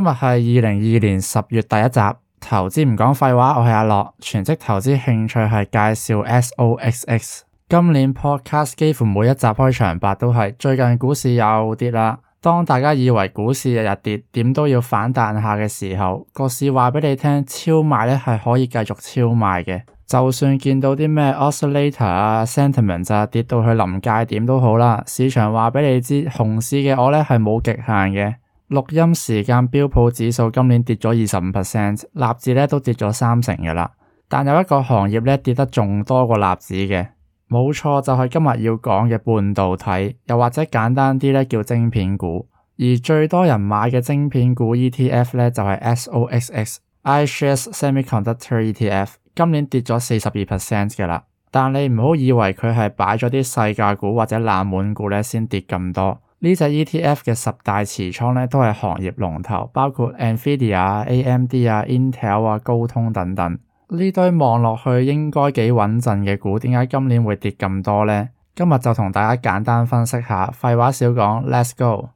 今日係二零二二年十月第一集，投資唔講廢話，我係阿樂，全職投資興趣係介紹 SOXX。今年 podcast 幾乎每一集開場白都係，最近股市又跌啦。當大家以為股市日日跌，點都要反彈下嘅時候，個市話畀你聽，超賣咧係可以繼續超賣嘅，就算見到啲咩 oscillator 啊 sentiment 啊跌到去臨界點都好啦，市場話畀你知，熊市嘅我咧係冇極限嘅。錄音時間，標普指數今年跌咗二十五 percent，納指咧都跌咗三成嘅啦。但有一個行業咧跌得仲多過納指嘅，冇錯就係今日要講嘅半導體，又或者簡單啲咧叫晶片股。而最多人買嘅晶片股 ETF 咧就係 SOXX IShares Semiconductor ETF，今年跌咗四十二 percent 嘅啦。但你唔好以為佢係擺咗啲細價股或者冷門股咧先跌咁多。呢隻 E T F 嘅十大持倉呢都係行業龍頭，包括 Nvidia 啊、A M D 啊、Intel 啊、高通等等。呢堆望落去應該幾穩陣嘅股，點解今年會跌咁多呢？今日就同大家簡單分析下。廢話少講，Let's go。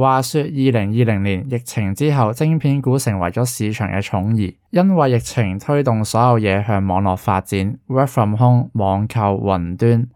話說二零二零年疫情之後，晶片股成為咗市場嘅寵兒，因為疫情推動所有嘢向網絡發展，Work from home、網購、雲端。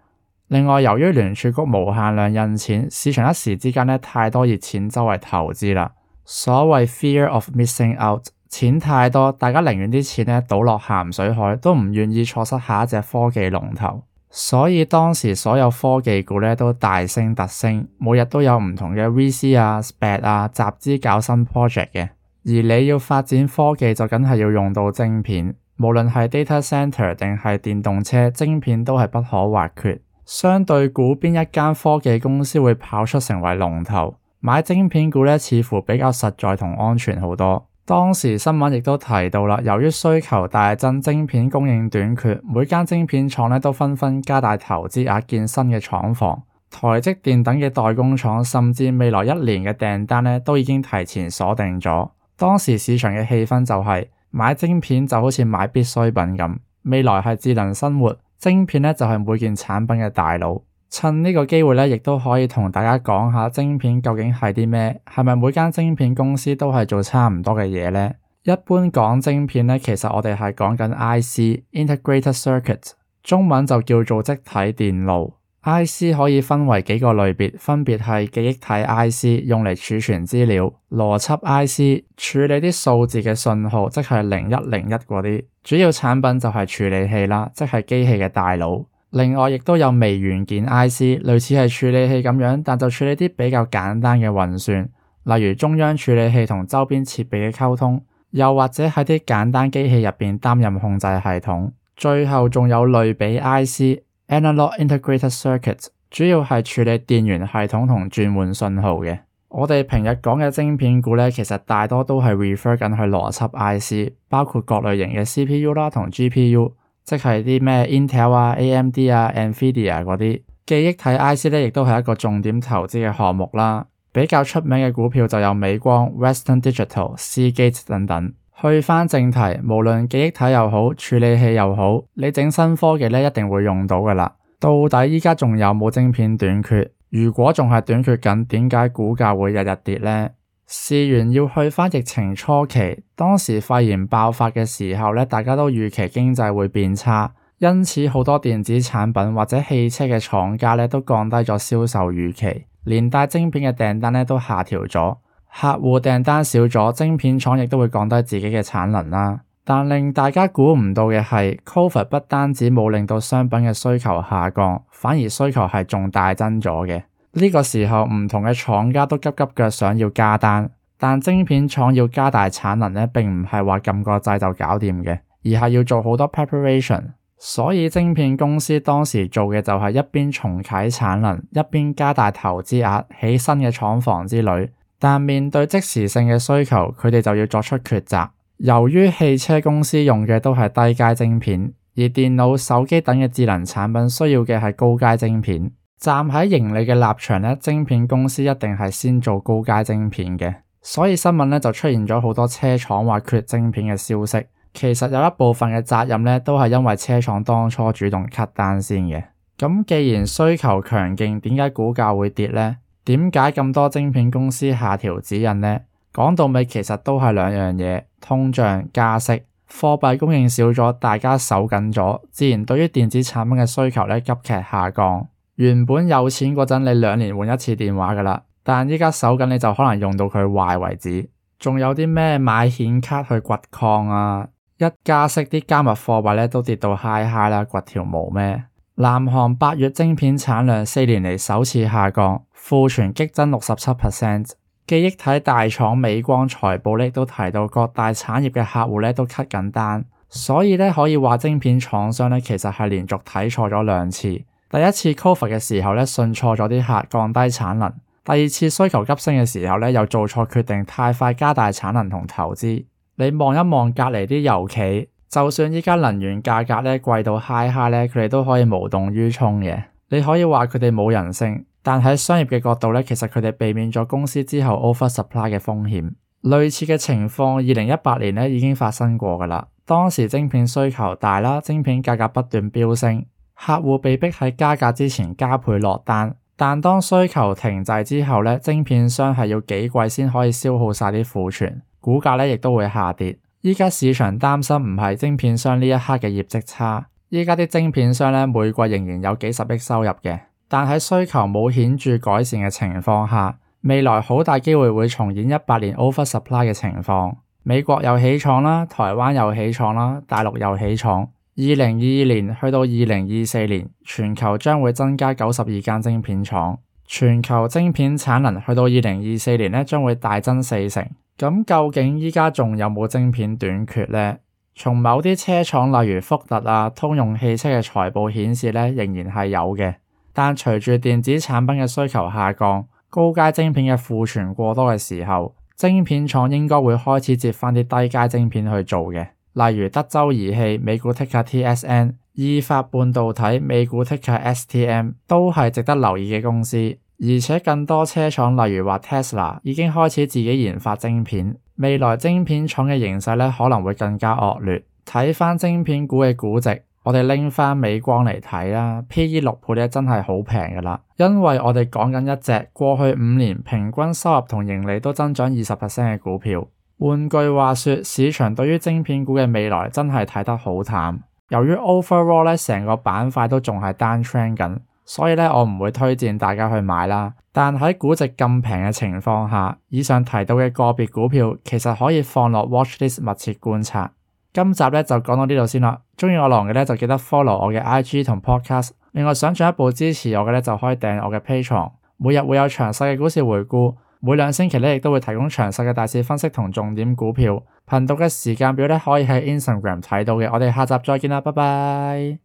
另外，由於聯儲局無限量印錢，市場一時之間咧太多熱錢周圍投資啦。所謂 fear of missing out，錢太多，大家寧願啲錢咧倒落咸水海，都唔願意錯失下一隻科技龍頭。所以當時所有科技股咧都大升特升，每日都有唔同嘅 V C 啊、S P A D 啊集資搞新 project 嘅。而你要發展科技就梗係要用到晶片，無論係 data center 定係電動車，晶片都係不可或缺。相對股邊一間科技公司會跑出成為龍頭，買晶片股咧似乎比較實在同安全好多。當時新聞亦都提到啦，由於需求大增，晶片供應短缺，每間晶片廠呢都紛紛加大投資額建新嘅廠房。台積電等嘅代工廠甚至未來一年嘅訂單呢都已經提前鎖定咗。當時市場嘅氣氛就係、是、買晶片就好似買必需品咁，未來係智能生活，晶片呢就係每件產品嘅大佬。」趁呢個機會咧，亦都可以同大家講下晶片究竟係啲咩，係咪每間晶片公司都係做差唔多嘅嘢咧？一般講晶片咧，其實我哋係講緊 IC（Integrated Circuit），中文就叫做積體電路。IC 可以分為幾個類別，分別係記憶體 IC 用嚟儲存資料，邏輯 IC 處理啲數字嘅信號，即係零一零一嗰啲。主要產品就係處理器啦，即係機器嘅大腦。另外，亦都有微元件 IC，類似係處理器咁樣，但就處理啲比較簡單嘅運算，例如中央處理器同周邊設備嘅溝通，又或者喺啲簡單機器入邊擔任控制系統。最後，仲有類比 IC（Analog Integrated c i r c u i t 主要係處理電源系統同轉換信號嘅。我哋平日講嘅晶片股咧，其實大多都係 refer 緊去邏輯 IC，包括各類型嘅 CPU 啦同 GPU。即係啲咩 Intel 啊、AMD 啊、Nvidia 嗰啲。記憶體 IC 咧，亦都係一個重點投資嘅項目啦。比較出名嘅股票就有美光、Western Digital、Seagate 等等。去翻正題，無論記憶體又好，處理器又好，你整新科技咧，一定會用到噶啦。到底而家仲有冇晶片短缺？如果仲係短缺緊，點解股價會日日跌咧？事源要去返疫情初期，當時肺炎爆發嘅時候咧，大家都預期經濟會變差，因此好多電子產品或者汽車嘅廠家咧都降低咗銷售預期，連帶晶片嘅訂單咧都下調咗。客戶訂單少咗，晶片廠亦都會降低自己嘅產能啦。但令大家估唔到嘅係，Covid 不單止冇令到商品嘅需求下降，反而需求係仲大增咗嘅。呢個時候，唔同嘅廠家都急急腳想要加單，但晶片廠要加大產能呢，並唔係話撳個掣就搞掂嘅，而係要做好多 preparation。所以晶片公司當時做嘅就係一邊重啟產能，一邊加大投資額，起新嘅廠房之類。但面對即時性嘅需求，佢哋就要作出抉擇。由於汽車公司用嘅都係低階晶片，而電腦、手機等嘅智能產品需要嘅係高階晶片。站喺盈利嘅立場呢，晶片公司一定係先做高階晶片嘅，所以新聞呢，就出現咗好多車廠話缺晶片嘅消息。其實有一部分嘅責任呢，都係因為車廠當初主動 cut 單先嘅。咁既然需求強勁，點解股價會跌咧？點解咁多晶片公司下調指引呢？講到尾其實都係兩樣嘢：通脹、加息、貨幣供應少咗，大家手緊咗，自然對於電子產品嘅需求咧急劇下降。原本有錢嗰陣，你兩年換一次電話噶啦，但依家手緊，你就可能用到佢壞為止。仲有啲咩買顯卡去掘礦啊？一加息啲加密貨幣咧都跌到嗨嗨啦，掘條毛咩？南韓八月晶片產量四年嚟首次下降，庫存激增六十七 percent。記憶體大廠美光財報咧都提到各大產業嘅客戶咧都 cut 緊單，所以咧可以話晶片廠商咧其實係連續睇錯咗兩次。第一次 COVID 嘅時候咧，信錯咗啲客，降低產能；第二次需求急升嘅時候咧，又做錯決定，太快加大產能同投資。你望一望隔離啲油企，就算而家能源價格咧貴到嗨嗨咧，佢哋都可以無動於衷嘅。你可以話佢哋冇人性，但喺商業嘅角度咧，其實佢哋避免咗公司之後 over supply 嘅風險。類似嘅情況，二零一八年咧已經發生過㗎啦。當時晶片需求大啦，晶片價格不斷飆升。客戶被迫喺加價之前加倍落單，但當需求停滯之後呢，晶片商係要幾季先可以消耗晒啲庫存，股價呢亦都會下跌。依家市場擔心唔係晶片商呢一刻嘅業績差，依家啲晶片商呢，每季仍然有幾十億收入嘅，但喺需求冇顯著改善嘅情況下，未來好大機會會重演一百年 over supply 嘅情況。美國又起廠啦，台灣又起廠啦，大陸又起廠。二零二二年去到二零二四年，全球將會增加九十二間晶片廠，全球晶片產能去到二零二四年呢，將會大增四成。咁究竟依家仲有冇晶片短缺呢？從某啲車廠例如福特啊、通用汽車嘅財報顯示呢，仍然係有嘅。但隨住電子產品嘅需求下降，高階晶片嘅庫存過多嘅時候，晶片廠應該會開始接翻啲低階晶片去做嘅。例如德州儀器美股 ticker TXN、意法半導體美股 ticker STM 都係值得留意嘅公司，而且更多車廠例如話 Tesla 已經開始自己研發晶片，未來晶片廠嘅形勢可能會更加惡劣。睇翻晶片股嘅估值，我哋拎翻美光嚟睇啦，P E 六倍咧，真係好平噶啦，因為我哋講緊一隻過去五年平均收入同盈利都增長二十 percent 嘅股票。換句話說，市場對於晶片股嘅未來真係睇得好淡。由於 overall 咧成個板塊都仲係 d o w，所以咧我唔會推薦大家去買啦。但喺估值咁平嘅情況下，以上提到嘅個別股票其實可以放落 w a t c h t h i s 密切觀察。今集咧就講到呢度先啦。中意我郎嘅咧就記得 follow 我嘅 IG 同 podcast。另外想進一步支持我嘅咧就可以訂閱我嘅 pay 牆，每日會有詳細嘅股市回顧。每兩星期咧，亦都會提供詳細嘅大市分析同重點股票。頻道嘅時間表咧，可以喺 Instagram 睇到嘅。我哋下集再見啦，拜拜。